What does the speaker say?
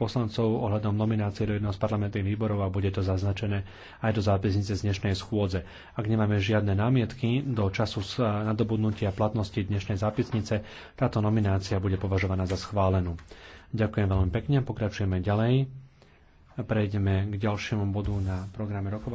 poslancov ohľadom nominácie do jedného z parlamentných výborov a bude to zaznačené aj do zápisnice z dnešnej schôdze. Ak nemáme žiadne námietky do času nadobudnutia platnosti dnešnej zápisnice, táto nominácia bude považovaná za schválenú. Ďakujem veľmi pekne, pokračujeme ďalej. Prejdeme k ďalšiemu bodu na programe rokovania.